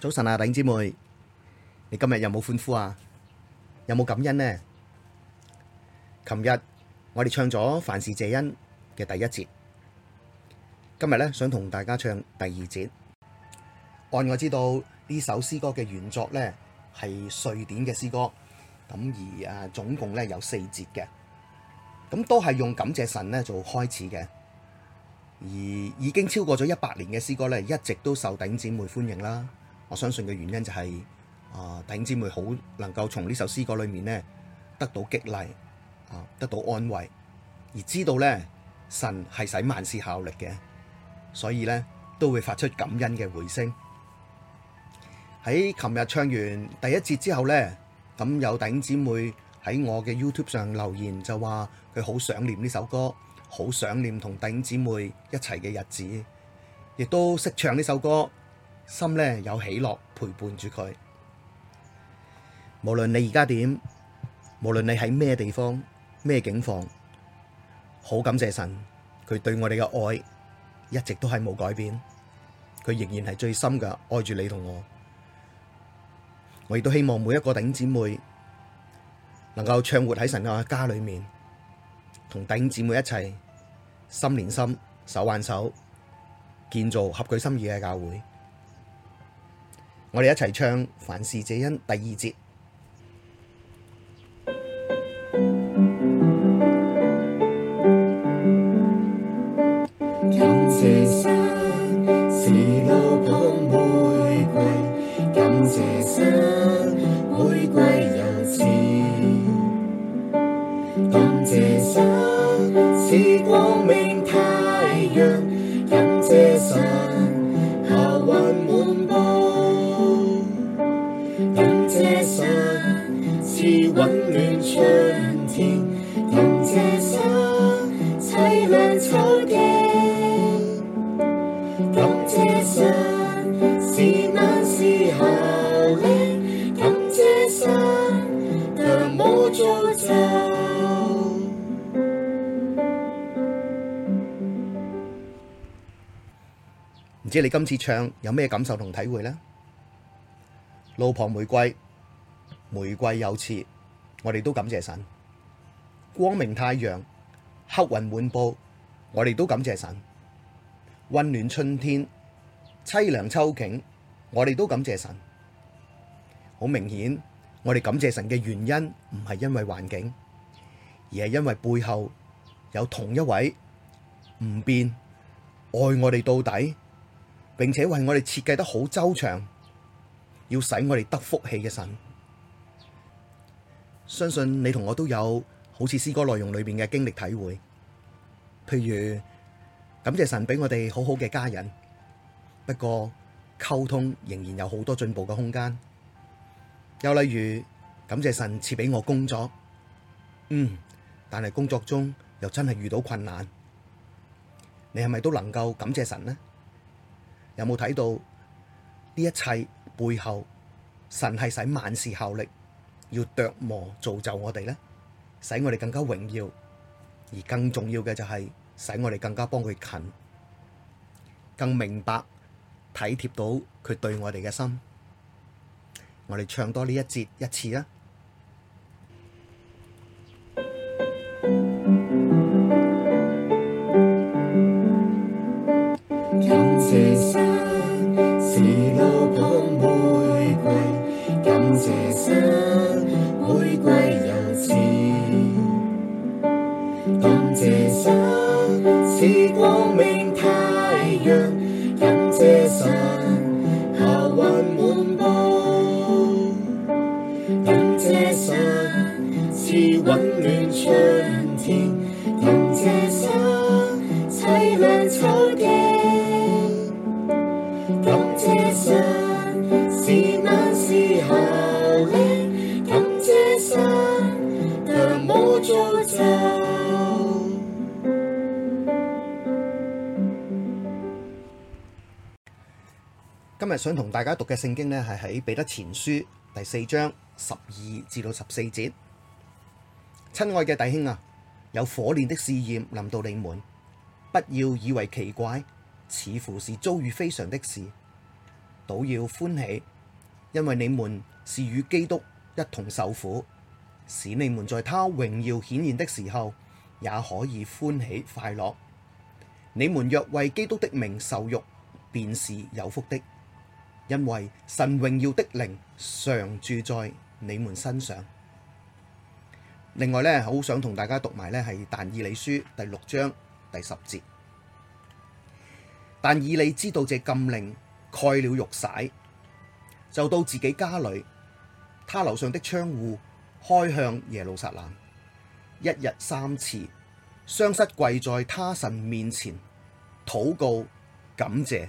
早晨啊，弟兄姊妹，你今日有冇歡呼啊？有冇感恩呢？琴日我哋唱咗《凡事謝恩》嘅第一節，今日咧想同大家唱第二節。按我知道呢首詩歌嘅原作咧係瑞典嘅詩歌，咁而啊總共咧有四節嘅，咁都係用感謝神咧做開始嘅，而已經超過咗一百年嘅詩歌咧，一直都受弟兄姊妹歡迎啦。我相信嘅原因就係、是、啊，弟、呃、姊妹好能夠從呢首詩歌裏面咧得到激勵，啊，得到安慰，而知道咧神係使萬事效力嘅，所以咧都會發出感恩嘅回聲。喺琴日唱完第一節之後呢，咁有弟姊妹喺我嘅 YouTube 上留言就話佢好想念呢首歌，好想念同弟姊妹一齊嘅日子，亦都識唱呢首歌。心呢有喜樂陪伴住佢，無論你而家點，無論你喺咩地方咩境況，好感謝神，佢對我哋嘅愛一直都係冇改變，佢仍然係最深嘅愛住你同我。我亦都希望每一個頂姊妹能夠暢活喺神嘅家裏面，同頂姊妹一齊心連心、手挽手，建造合佢心意嘅教會。我哋一齊唱《凡事謝恩》第二節。感謝神！賜路旁玫瑰，感謝神！玫瑰有刺，感謝神！賜光明太陽。唔知你今次唱有咩感受同體會呢？路旁玫瑰，玫瑰有刺，我哋都感謝神；光明太陽，黑雲滿布，我哋都感謝神；溫暖春天，凄涼秋景，我哋都感謝神。好明顯，我哋感謝神嘅原因唔係因為環境，而係因為背後有同一位唔變愛我哋到底。並且為我哋設計得好周詳，要使我哋得福氣嘅神，相信你同我都有好似詩歌內容裏面嘅經歷體會。譬如感謝神俾我哋好好嘅家人，不過溝通仍然有好多進步嘅空間。又例如感謝神賜俾我工作，嗯，但係工作中又真係遇到困難，你係咪都能夠感謝神呢？有冇睇到呢一切背後，神係使萬事效力，要琢磨造就我哋咧，使我哋更加榮耀，而更重要嘅就係、是、使我哋更加幫佢近，更明白體貼到佢對我哋嘅心。我哋唱多呢一節一次啦。當這生是光明。想同大家讀嘅聖經呢，係喺彼得前書第四章十二至到十四節。親愛嘅弟兄啊，有火煉的試驗臨到你們，不要以為奇怪，似乎是遭遇非常的事，倒要歡喜，因為你們是與基督一同受苦，使你們在他榮耀顯現的時候，也可以歡喜快樂。你們若為基督的名受辱，便是有福的。因為神榮耀的靈常住在你們身上。另外咧，好想同大家讀埋咧係但以理書第六章第十節。但以理知道這禁令蓋了玉璽，就到自己家裏，他樓上的窗戶開向耶路撒冷，一日三次，雙膝跪在他神面前禱告感謝，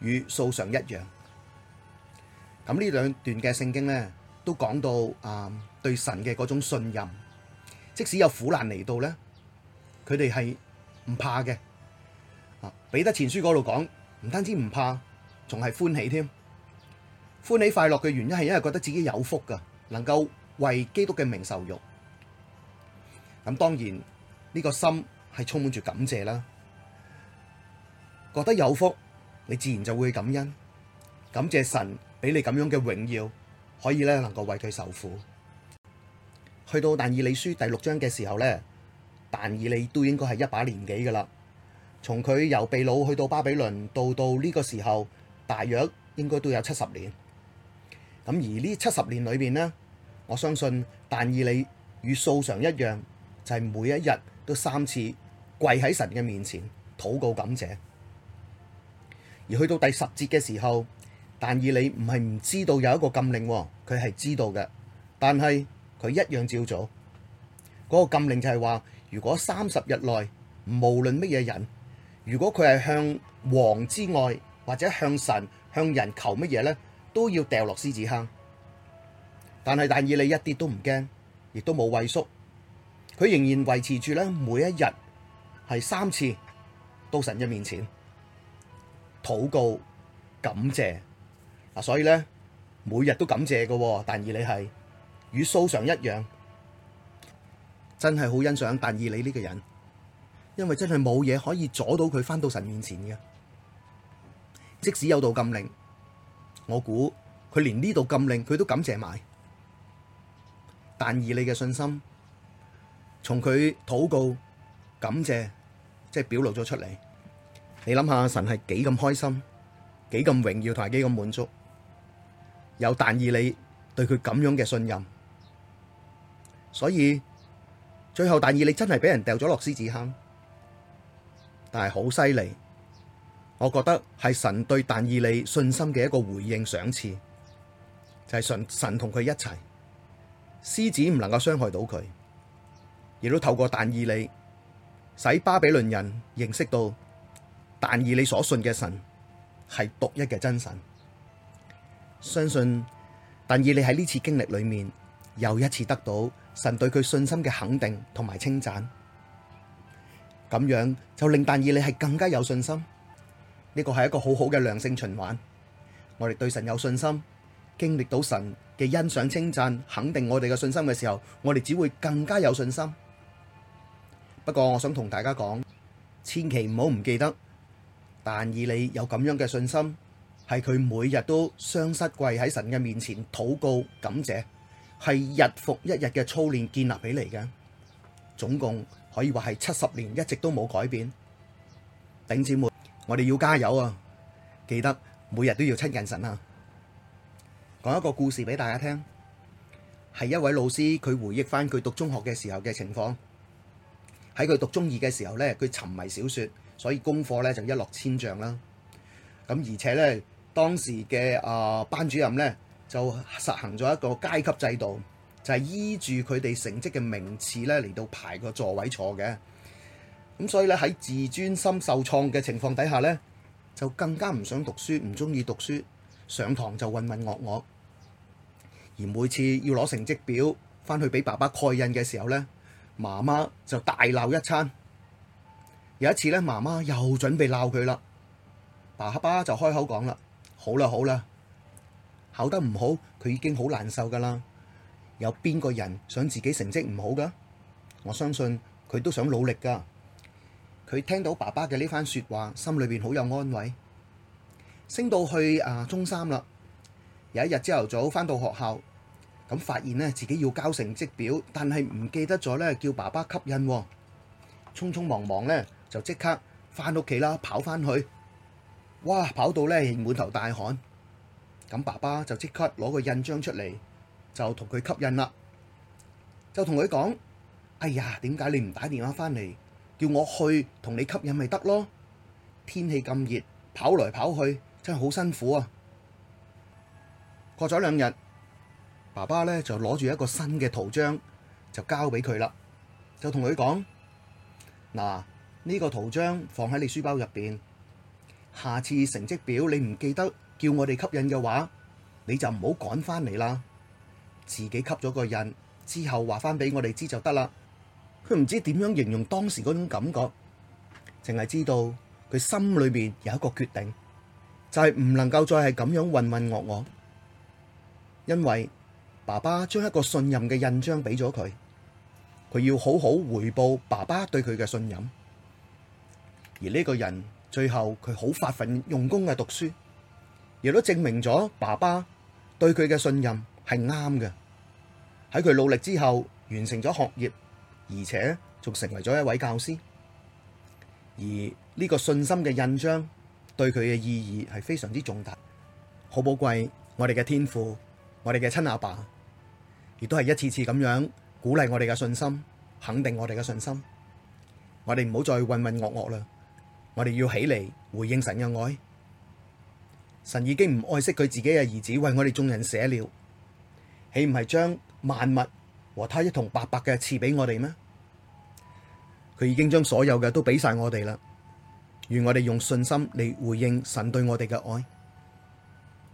與素常一樣。咁呢兩段嘅聖經咧，都講到啊，對神嘅嗰種信任，即使有苦難嚟到咧，佢哋係唔怕嘅。啊，彼得前書嗰度講，唔單止唔怕，仲係歡喜添。歡喜快樂嘅原因係因為覺得自己有福噶，能夠為基督嘅名受辱。咁當然呢個心係充滿住感謝啦，覺得有福，你自然就會感恩，感謝神。俾你咁樣嘅榮耀，可以咧能夠為佢受苦。去到但以理書第六章嘅時候咧，但以理都應該係一把年紀㗎喇。從佢由被擄去到巴比倫到到呢個時候，大約應該都有七十年。咁而呢七十年裏邊呢，我相信但以理與素常一樣，就係、是、每一日都三次跪喺神嘅面前禱告感謝。而去到第十節嘅時候。但以理唔係唔知道有一個禁令，哦，佢係知道嘅，但係佢一樣照做。嗰、那個禁令就係話，如果三十日內無論乜嘢人，如果佢係向王之外或者向神向人求乜嘢咧，都要掉落獅子坑。但係但以理一啲都唔驚，亦都冇畏縮，佢仍然維持住咧，每一日係三次到神嘅面前禱告感謝。嗱，所以咧，每日都感謝嘅、哦。但以理係與素常一樣，真係好欣賞但以理呢個人，因為真係冇嘢可以阻到佢返到神面前嘅。即使有道禁令，我估佢連呢度禁令佢都感謝埋。但以理嘅信心，從佢禱告感謝，即係表露咗出嚟。你諗下神係幾咁開心，幾咁榮耀同埋幾咁滿足。有但以理對佢咁樣嘅信任，所以最後但以理真係俾人掉咗落獅子坑，但係好犀利，我覺得係神對但以理信心嘅一個回應賞賜，就係、是、神神同佢一齊，獅子唔能夠傷害到佢，亦都透過但以理使巴比倫人認識到但以理所信嘅神係獨一嘅真神。相信，但以理喺呢次經歷裏面，又一次得到神對佢信心嘅肯定同埋稱讚，咁樣就令但以理係更加有信心。呢個係一個好好嘅良性循環。我哋對神有信心，經歷到神嘅欣賞、稱讚、肯定我哋嘅信心嘅時候，我哋只會更加有信心。不過我想同大家講，千祈唔好唔記得，但以理有咁樣嘅信心。係佢每日都雙膝跪喺神嘅面前禱告感謝，係日復一日嘅操練建立起嚟嘅，總共可以話係七十年一直都冇改變。頂姐妹，我哋要加油啊！記得每日都要親近神啊！講一個故事俾大家聽，係一位老師佢回憶翻佢讀中學嘅時候嘅情況。喺佢讀中二嘅時候呢，佢沉迷小說，所以功課呢就一落千丈啦。咁而且呢。當時嘅啊班主任呢，就實行咗一個階級制度，就係依住佢哋成績嘅名次呢嚟到排個座位坐嘅。咁所以呢，喺自尊心受創嘅情況底下呢，就更加唔想讀書，唔中意讀書，上堂就混混噩噩。而每次要攞成績表翻去俾爸爸蓋印嘅時候呢，媽媽就大鬧一餐。有一次呢，媽媽又準備鬧佢啦，爸爸就開口講啦。好啦好啦，考得唔好，佢已經好難受噶啦。有邊個人想自己成績唔好噶？我相信佢都想努力噶。佢聽到爸爸嘅呢番說話，心裏邊好有安慰。升到去啊中三啦，有一日朝頭早翻到學校，咁發現呢自己要交成績表，但係唔記得咗呢叫爸爸吸引，匆匆忙忙呢，就即刻翻屋企啦，跑翻去。哇！跑到咧，滿頭大汗。咁爸爸就即刻攞個印章出嚟，就同佢吸印啦。就同佢講，哎呀，點解你唔打電話翻嚟，叫我去同你吸印咪得咯？天氣咁熱，跑來跑去真係好辛苦啊！過咗兩日，爸爸咧就攞住一個新嘅圖章，就交俾佢啦。就同佢講：嗱，呢個圖章放喺你書包入邊。下次成績表你唔記得叫我哋吸印嘅話，你就唔好趕翻嚟啦。自己吸咗個印之後，話翻俾我哋知就得啦。佢唔知點樣形容當時嗰種感覺，淨係知道佢心裏面有一個決定，就係唔能夠再係咁樣混混噩噩，因為爸爸將一個信任嘅印章俾咗佢，佢要好好回報爸爸對佢嘅信任。而呢個人。最後佢好發奮用功嘅讀書，亦都證明咗爸爸對佢嘅信任係啱嘅。喺佢努力之後完成咗學業，而且仲成為咗一位教師。而呢個信心嘅印章對佢嘅意義係非常之重大，好寶貴。我哋嘅天父，我哋嘅親阿爸，亦都係一次次咁樣鼓勵我哋嘅信心，肯定我哋嘅信心。我哋唔好再渾渾噩噩啦。我哋要起嚟回應神嘅愛，神已經唔愛惜佢自己嘅兒子，為我哋眾人捨了，豈唔係將萬物和他一同白白嘅賜畀我哋咩？佢已經將所有嘅都畀晒我哋啦，願我哋用信心嚟回應神對我哋嘅愛。